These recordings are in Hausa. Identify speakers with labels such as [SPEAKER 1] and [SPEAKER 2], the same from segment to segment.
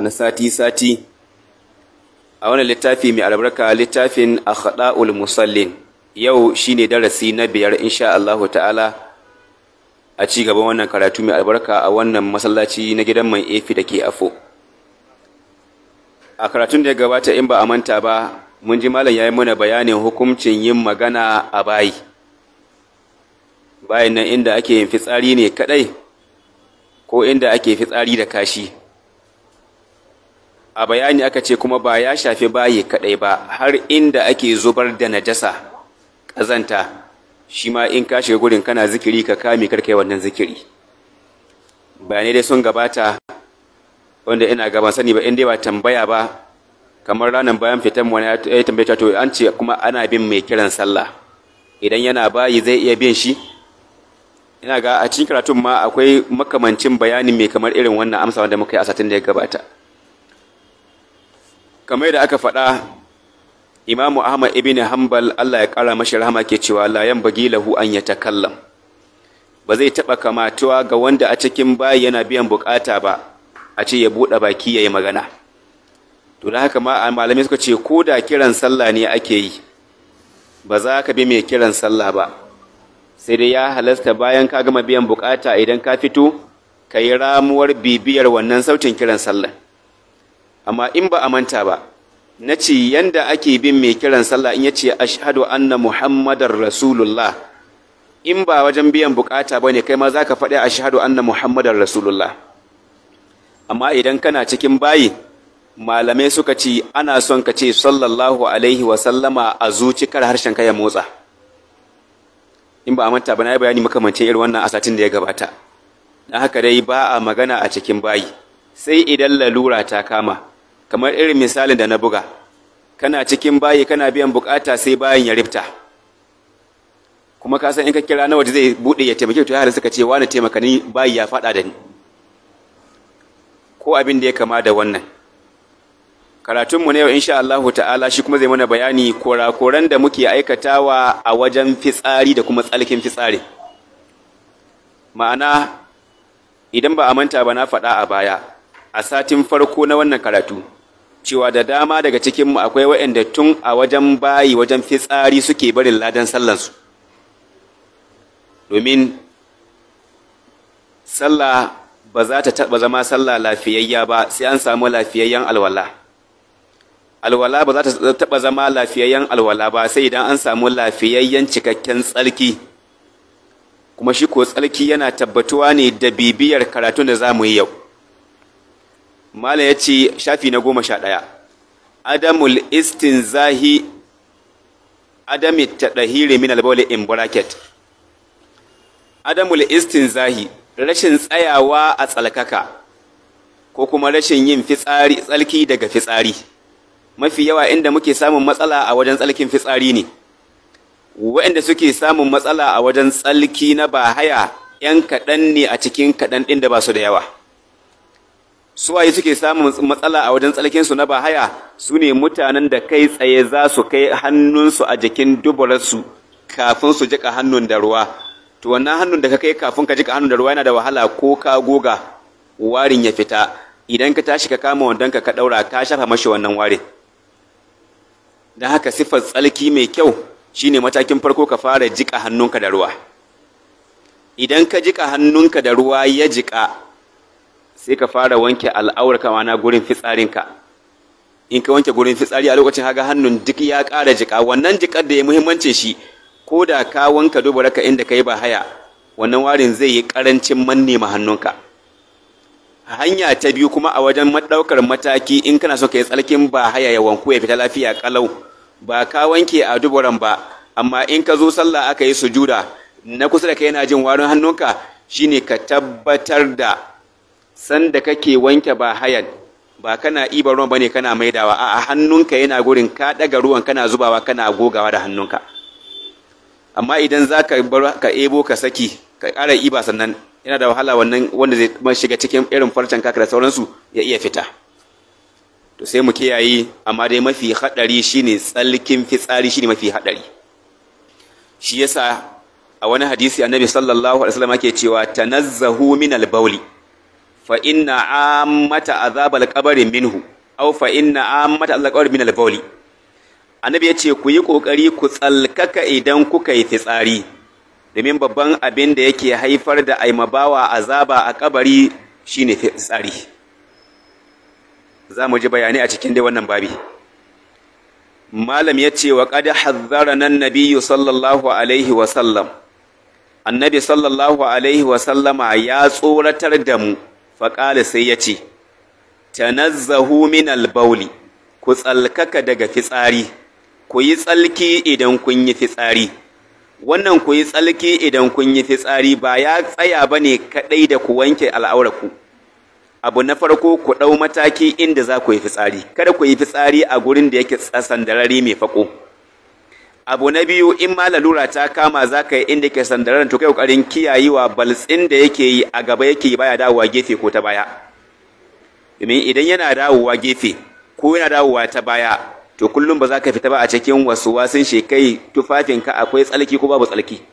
[SPEAKER 1] na sati-sati a wani littafi mai albarka littafin akhda'ul musallin yau shine darasi na biyar insha Allah ta'ala a ci gaban wannan karatu mai albarka a wannan masallaci na gidan mai efi da ke afo a karatun da ya gabata in ba a manta ba mun ji malam ya yi mana bayanin hukuncin yin magana a bayi bayan nan inda ake yin fitsari ne kaɗai, ko inda ake fitsari da kashi a bayani aka ce kuma ba ya shafi bayi kadai ba har inda ake zubar da najasa ƙazanta shi ma in ka shiga gurin kana zikiri ka kame karkai wannan zikiri bayanai dai sun gabata wanda ina gaban sani ba in dai ba tambaya ba kamar ranar bayan fitan wani ya tambaya to an ce kuma ana bin mai kiran sallah idan yana bayi zai iya bin shi ina ga a cikin karatun ma akwai makamancin bayani mai kamar irin wannan amsa wanda muka yi a satin da ya gabata kamar da aka faɗa imamu ahmad ibn hanbal allah ya ƙara mashi rahama ke cewa layan bagilahu bagi an ya takallam ba zai taɓa kamatuwa ga wanda a cikin bayi yana biyan bukata ba a ce ya buɗe baki ya yi magana to da haka ma a malamai suka ce ko da kiran sallah ne ake yi ba za ka bi mai kiran sallah ba sai dai ya halasta bayan ka gama biyan bukata idan ka fito ka yi ramuwar bibiyar wannan sautin kiran sallah amma in ba a manta ba na ce yanda ake bin mai kiran sallah in ya ce ashhadu anna muhammadar rasulullah in ba wajen biyan bukata ba ne kai ma za ka faɗi ashadu anna muhammadar rasulullah amma idan kana cikin bayi malamai suka ce ana son ka ce sallallahu alaihi wa sallama a kar harshen ka ya motsa in ba a manta ba na yi bayani makamancin irin wannan asatin da ya gabata Na haka dai ba a magana a cikin bayi sai idan lalura ta kama kamar irin misalin da na buga kana cikin bayi kana biyan bukata sai bayan ya rifta kuma ka san in ka kira na waje zai buɗe ya taimake to ya suka ce wani taimaka ni bayi ya fada da ni ko abin da ya kama da wannan karatunmu na yau sha Allahu ta'ala shi kuma zai mana bayani korakoran da muke aikatawa a wajen fitsari da kuma tsalkin fitsari ma'ana idan ba a manta ba na faɗa a baya a satin farko na wannan karatu cewa da dama daga cikin mu akwai waɗanda tun a wajen bayi wajen fitsari suke barin ladan sallansu domin sallah ba za ta taɓa zama sallah lafiyayya ba sai an samu lafiyayyen alwala alwala ba za ta taɓa zama lafiyayyen alwala ba sai idan an samu lafiyayyen cikakken tsarki kuma shi ko tsarki yana tabbatuwa ne da bibiyar karatun da za mu yi yau malam ya ce shafi na goma sha ɗaya adamul zahi adamit min albawli in bracket adamul zahi rashin tsayawa a tsalkaka ko kuma rashin yin fitsari tsalki daga fitsari mafi yawa inda muke samun matsala a wajen tsalkin fitsari ne waɗanda suke samun matsala a wajen tsalki na bahaya 'yan kaɗan ne a cikin kaɗan ɗin da ba su da yawa Su waye suke samun matsala a wajen tsalkinsu na bahaya su ne mutanen da kai tsaye za su kai hannunsu a jikin dubararsu kafin su jika hannun da ruwa to wannan hannun da ka kai kafin ka jika hannun da ruwa yana da wahala ko ka goga warin ya fita idan ka tashi ka kama wandon ka ka daura ka shafa mashi wannan ware dan haka sifar tsalki mai kyau shine matakin farko ka fara jika hannunka da ruwa idan ka jika hannunka da ruwa ya jika sai ka fara wanke al'aurka na gurin fitsarinka in ka wanke gurin fitsari a lokacin haga hannun duk ya ƙara jika wannan jikar da ya muhimmancin shi ko da ka wanka duba raka inda ka yi ba haya wannan warin zai yi ƙarancin manne ma hannunka hanya ta biyu kuma a wajen maɗaukar mataki in kana so ka yi tsarkin ba haya ya wanku ya fita lafiya ƙalau ba ka wanke a duburan ba amma in ka zo sallah aka yi sujuda na kusa da kai yana jin warin hannunka shine ka tabbatar da sanda kake wanke ba hayan ba kana iba ruwan bane kana maidawa a hannunka yana gurin ka daga ruwan kana zubawa kana gogawa da hannunka amma idan za ka bar ka ebo ka saki ka ƙara iba sannan yana da wahala wannan wanda zai shiga cikin irin farcen kaka da sauransu ya iya fita to sai mu kiyaye amma dai mafi haɗari shine tsalkin fitsari shine mafi haɗari shi yasa a wani hadisi annabi sallallahu alaihi wasallam yake cewa tanazzahu min al-bawli fa inna ammata azabal qabri minhu aw fa inna ammata azabal qabri min al-bawli annabi yace ku yi kokari ku tsalkaka idan kuka yi fitsari domin babban abin da yake haifar da aimabawa azaba a kabari shine fitsari za mu ji bayani a cikin dai wannan babi malam ya wa qad hazzara nan nabiyu sallallahu alaihi wa sallam. annabi sallallahu alaihi wa sallama ya tsoratar da mu faƙala sai ya ce tanazzahu min albauli ku tsalkaka daga fitsari ku yi tsalki idan kun yi fitsari wannan ku yi tsalki idan kun yi fitsari ba ya tsaya ba ne kaɗai da ku wanke al'auraku abu na farko ku ɗau mataki inda za ku yi fitsari kada ku yi fitsari a gurin da yake tsasan da tsasandarari mai faƙo abu na biyu in ma lalura ta kama za ka yi inda ke sandarar to kai kokarin kiyayewa baltsin da yake yi a gaba yake yi baya dawowa gefe ko ta baya domin idan yana dawowa gefe ko yana dawowa ta baya to kullum ba za ka fita ba a cikin wasu wasun shekai ka akwai tsalki ko babu tsalki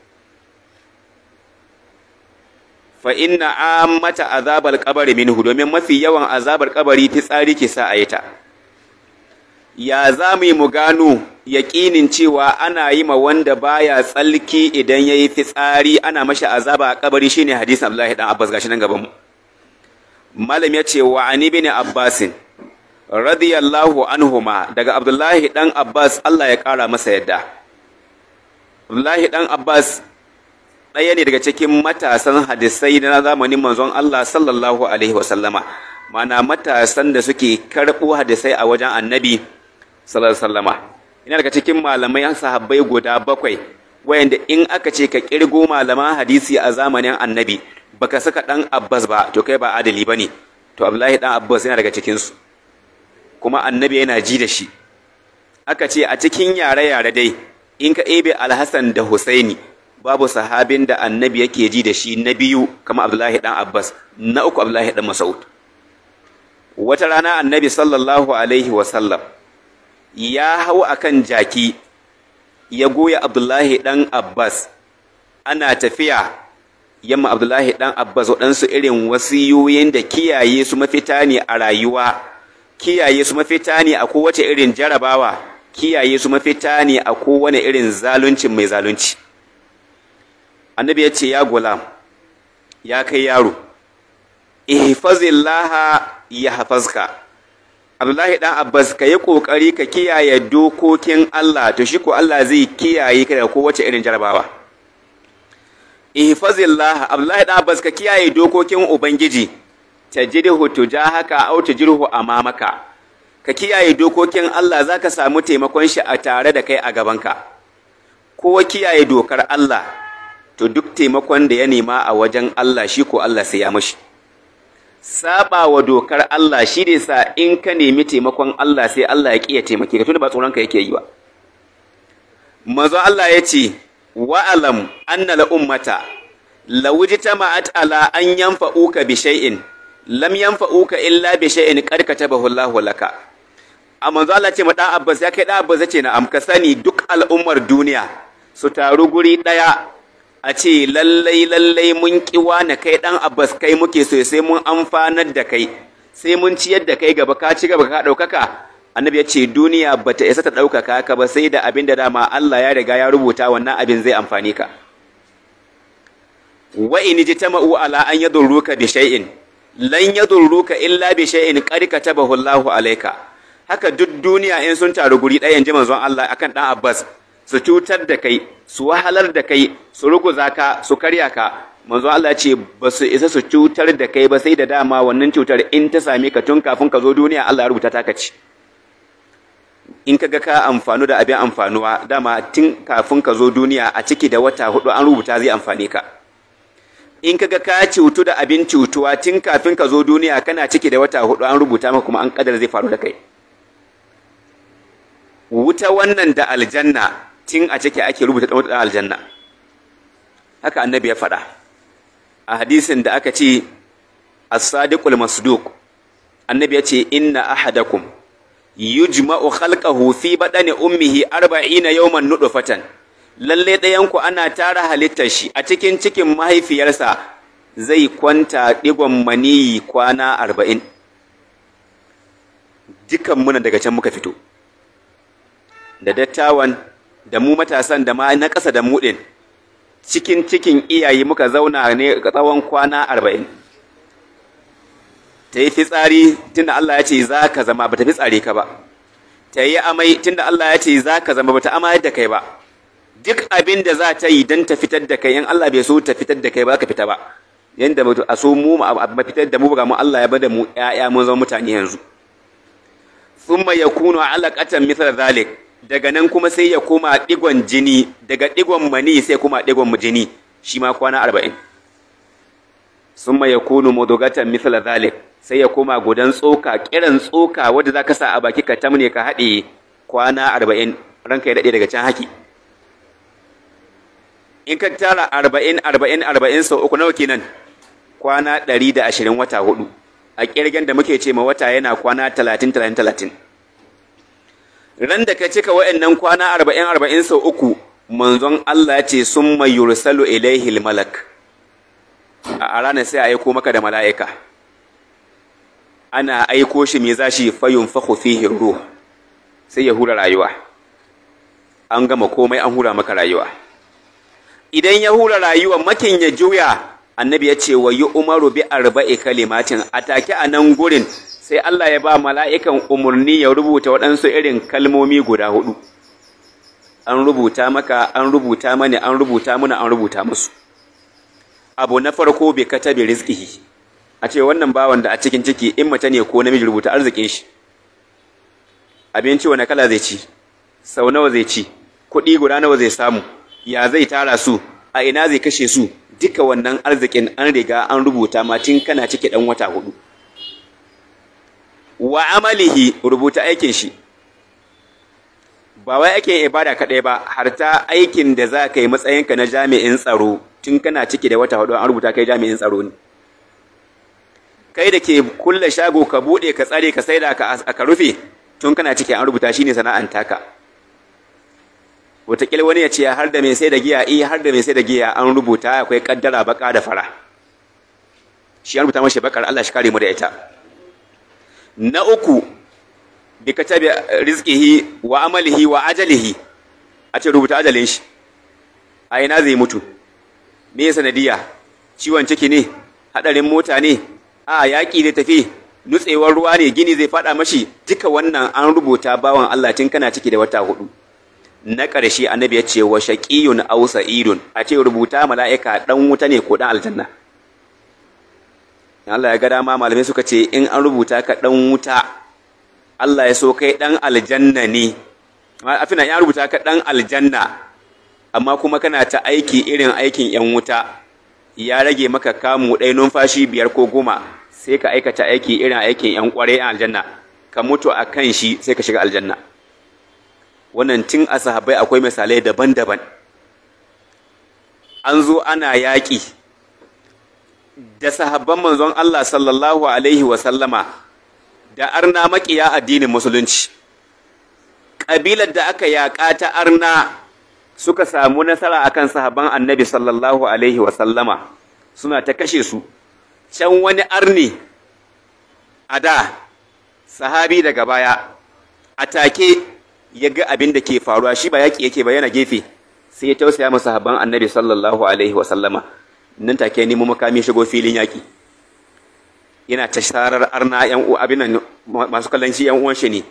[SPEAKER 1] fa inna ammata azabal qabri minhu domin mafi yawan azabar kabari tsari ke sa ayata ya za yi mu gano yaƙinin cewa ana yi ma wanda baya tsalki idan ya yi fitsari ana mashi azaba a kabari shine hadisin Abdullahi dan Abbas gashi nan gaban mu malam ya ce wa ani bin Abbas radiyallahu anhuma daga Abdullahi dan Abbas Allah ya kara masa yadda Abdullahi dan Abbas ɗaya ne daga cikin matasan hadisai na zamanin manzon Allah sallallahu alaihi wasallama mana matasan da suke karɓo hadisai a wajen annabi sallallahu alaihi wasallama ina daga cikin malamai sahabbai guda bakwai wayanda in aka ce ka kirgo malaman hadisi a zamanin annabi baka saka dan abbas ba to kai ba adali bane to abdullahi dan abbas yana daga cikin su kuma annabi yana ji da shi aka ce a cikin yare yare dai in ka ebe alhassan da husaini babu sahabin da annabi yake ji da shi na biyu kama abdullahi dan abbas na uku abdullahi dan mas'ud wata rana annabi sallallahu alaihi wa sallam ya hau a kan jaki ya goya Abdullahi Ɗan Abbas ana tafiya yamma Abdullahi Ɗan Abbas waɗansu irin wasiyoyin da kiyaye su mafita ne a rayuwa kiyaye su mafita ne a kowace irin jarabawa kiyaye su mafita ne a kowane irin zalunci mai zalunci annabi ya ce ya gulam ya kai yaro ihfazillaha ya hafazka Abdullahi dan Abbas ka yi kokari ka kiyaye dokokin Allah to shi ko Allah zai kiyaye ka daga kowace irin jarabawa ihfazillah Abdullahi dan Abbas ka kiyaye dokokin ubangiji tajrihu tujahaka aw tajrihu amamaka ka kiyaye dokokin Allah zaka samu taimakon shi a tare da kai a gabanka ko kiyaye dokar Allah to duk taimakon da ya nema a wajen Allah shi ko Allah sai ya mashi saba wa dokar Allah shi ne sa in ka nemi taimakon Allah sai Allah ya ƙi ya taimake ka tunda ba tsoron ka yake yi ba manzo Allah ya ce wa'alam anna la ummata law jitama'at ala an yanfa'uka bi shay'in lam yanfa'uka illa bi shay'in qad katabahu Allah laka a manzo Allah ce ma dan ya kai dan Abbas ce na am ka sani duk al'ummar duniya su taru guri daya a ce lallai lallai mun kiwa na kai ɗan abbas kai muke so sai mun amfanar da kai sai mun ciyar da kai gaba ka ci gaba ka ɗaukaka annabi ya ce duniya bata isa ta ɗaukaka ka ba sai da abin da dama Allah ya riga ya rubuta wannan abin zai amfani ka wa in jitama'u ala an yadurruka bi shay'in lan yadurruka illa bi shay'in qad katabahu Allahu alayka haka duk duniya in sun taru guri ɗaya in ji manzon Allah akan dan Abbas su cutar da kai su wahalar da kai su ruguza ka su karya ka manzo Allah ce ba su isa su cutar da kai ba sai da dama wannan cutar in ta same ka tun kafin ka zo duniya Allah ya rubuta ta ka ci in ka ga ka amfanu da abin amfanuwa dama tun kafin ka zo duniya a ciki da wata hudu an rubuta zai amfane ka in ka ga ka cutu da abin cutuwa tun kafin ka zo duniya kana ciki da wata hudu an rubuta maka kuma an kadar zai faru da kai wuta wannan da aljanna tun a ciki ake rubuta ɗan aljanna haka annabi ya faɗa a hadisin da aka ce as-sadiqul masduq annabi ya ce inna ahadakum yujma'u khalqahu fi badani ummihi 40 yawman nudufatan lalle ɗayan ku ana tara halittar shi a cikin cikin mahaifiyarsa zai kwanta digon maniyi kwana arba'in. dukan muna daga can muka fito da dattawan da mu matasan da ma na ƙasa da mu ɗin cikin cikin iyaye muka zauna ne tsawon kwana arba'in ta yi fitsari tunda Allah ya ce za ka zama ba ta fitsari ka ba ta yi amai tunda Allah ya ce za ka zama ba ta amai da kai ba duk abin da za ta yi don ta fitar da kai in Allah bai so ta fitar da kai ba ka fita ba Yadda yanda a so mu mafitar da mu ba mu Allah ya bada mu ƴaƴa mun zama mutane yanzu thumma yakunu alaqatan mithla dhalik daga nan kuma sai ya koma digon jini daga digon mani sai kuma digon jini shi ma kwana arba'in summa ya kunu mudugatan misla zalik sai ya koma gudan tsoka kiran tsoka wadda za ka sa a baki ka tamne ka haɗe kwana arba'in ranka ya daɗe daga can haki in ka tara arba'in arba'in arba'in sau uku nawa kenan kwana ɗari da ashirin wata hudu a ƙirgen da muke ce ma wata yana kwana talatin talatin talatin ran da ka cika wa'annan kwana arba'in arba'in sau uku manzon Allah ce sun mai yursalu ilaihil malak a ranar sai a aiko maka da mala'ika ana aiko shi mai zashi fayun fahu fihi ruh sai ya hura rayuwa an gama komai an hura maka rayuwa idan ya hura rayuwa makin ya juya annabi ya ce wa yi umaru bi arba'i kalimatin a take a nan gurin sai Allah ya ba mala'ikan umarni ya rubuta waɗansu irin kalmomi guda hudu an rubuta maka an rubuta mani an rubuta muna an rubuta musu abu na farko bai kata bai rizkihi a ce wannan bawan da a cikin ciki in mace ne ko namiji rubuta arzikin shi abinci wani kala zai ci sau nawa zai ci kuɗi guda nawa zai samu ya zai tara su a ina zai kashe su duka wannan arzikin an riga an rubuta ma tun kana ciki ɗan wata hudu wa amalihi rubuta aikin shi ba wai ake ibada kaɗai ba har ta aikin da za ka yi matsayinka na jami'in tsaro tun kana ciki da wata hudu an rubuta kai jami'in tsaro ne kai da ke kulle shago ka buɗe ka tsare ka saida ka ka rufe tun kana ciki an rubuta shine sana'an taka wataƙila wani ya ce har da mai sai da giya eh har da mai sai da giya an rubuta akwai kaddara baka da fara shi an rubuta mashi bakar Allah shi kare mu da ita na uku bi ka tabi rizkihi wa amalihi wa ajalihi a ce rubuta ajalin shi a ina zai mutu me ya sanadiya ciwon ciki ne hadarin mota ne a yaƙi zai tafi nutsewar ruwa ne gini zai faɗa mashi duka wannan an rubuta bawan Allah tun kana ciki da wata hudu na ƙarshe annabi ya ce wa shaqiyun aw sa'idun a ce rubuta mala'ika dan wuta ne ko dan aljanna Allah ya ga dama malamai suka ce in an rubuta ka dan wuta Allah ya so kai dan aljanna ne afina ya rubuta ka dan aljanna amma kuma kana ta aiki irin aikin yan wuta ya rage maka kamu ɗaya numfashi biyar ko goma sai ka aikata aiki irin aikin yan kwarai yan aljanna ka mutu a kan shi sai ka shiga aljanna wannan tun a sahabai akwai misalai daban-daban an zo ana yaƙi da sahabban manzon Allah sallallahu alaihi wa da arna makiya addinin musulunci ƙabilar da aka yaƙa ta arna suka samu nasara akan sahaban annabi sallallahu alaihi wa suna ta kashe su can wani arni a da sahabi daga baya a take ya ga abin da ke faruwa shi ba yaƙi yake ba yana gefe sai ya tausaya masa sahaban annabi sallallahu alaihi wa nan take nemo makami shigo filin yaki yana ta sharar arna yan abin nan masu kallon shi yan uwan shi ne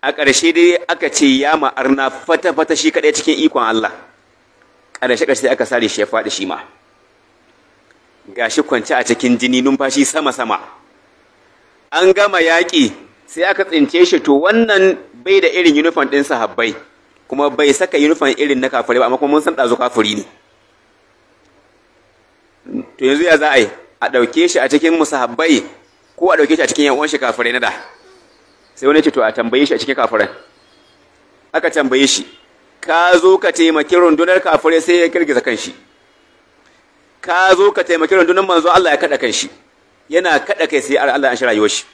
[SPEAKER 1] a ƙarshe dai aka ce ya ma arna fata fata shi kaɗai cikin ikon Allah ƙarshe ƙarshe aka sare shi ya faɗi shi ma gashi kwance a cikin jini numfashi sama sama an gama yaƙi sai aka tsince shi to wannan bai da irin uniform ɗin sahabbai kuma bai saka uniform irin na kafare ba amma kuma mun san ɗazu kafuri ne to yanzu ya za a yi a ɗauke shi a cikin musahabbai ko a ɗauke shi a cikin yan'uwan shi kafirai na da sai wani ce to a tambaye shi a cikin kafirai aka tambaye shi ka zo ka taimaki rundunar kafirai sai ya kirgiza kanshi ka zo ka taimaki rundunar manzo Allah ya kaɗa kanshi yana kaɗa kai sai Allah ya shi rayuwar shi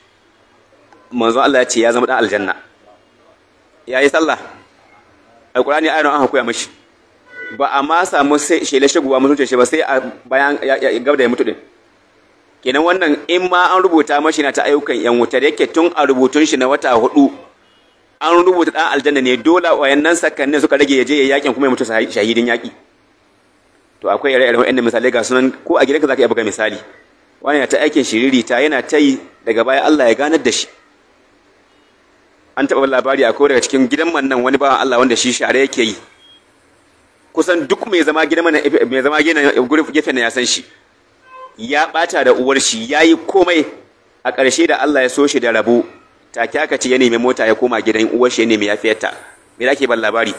[SPEAKER 1] manzo Allah ya ce ya zama ɗan aljanna ya yi sallah alƙur'ani ayatu an hakuya mashi ba a ma samu sai shele shigowa mutunce shi ba sai a bayan gab da ya mutu din kenan wannan in ma an rubuta mashi na ta ayyukan yan wutar yake tun a rubutun shi na wata hudu an rubuta dan aljanna ne dole wayannan sakannin suka rage ya je yakin kuma ya mutu shahidin yaki to akwai ire-iren waɗannan misalai ga sunan ko a gidanka zaka iya buga misali wani ya ta aikin shiriri ta yana ta yi daga baya Allah ya ganar da shi an taɓa labari a daga cikin gidan nan wani bawan Allah wanda shi share yake yi kusan duk mai zama gidan mana mai zama gurin gefen nan ya san shi ya bata da uwar shi yayi komai a ƙarshe da Allah ya so shi da rabo ta aka ya nemi mota ya koma gidan uwar shi ya nemi yafiyarta me ake ban labari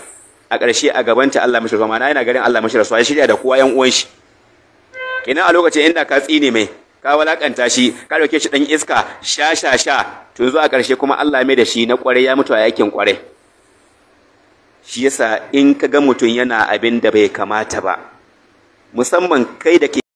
[SPEAKER 1] a ƙarshe a gabanta Allah mashi rasuwa yana garin Allah mashi rasuwa ya shirya da kowa yan uwan shi kenan a lokacin inda ka tsine mai ka walakanta shi ka dauke shi dan iska sha sha sha to zuwa a ƙarshe kuma Allah mai da shi na ƙwarai ya mutu a yakin ƙwarai shi yasa in ka ga mutum yana abin da bai kamata ba musamman kai da ke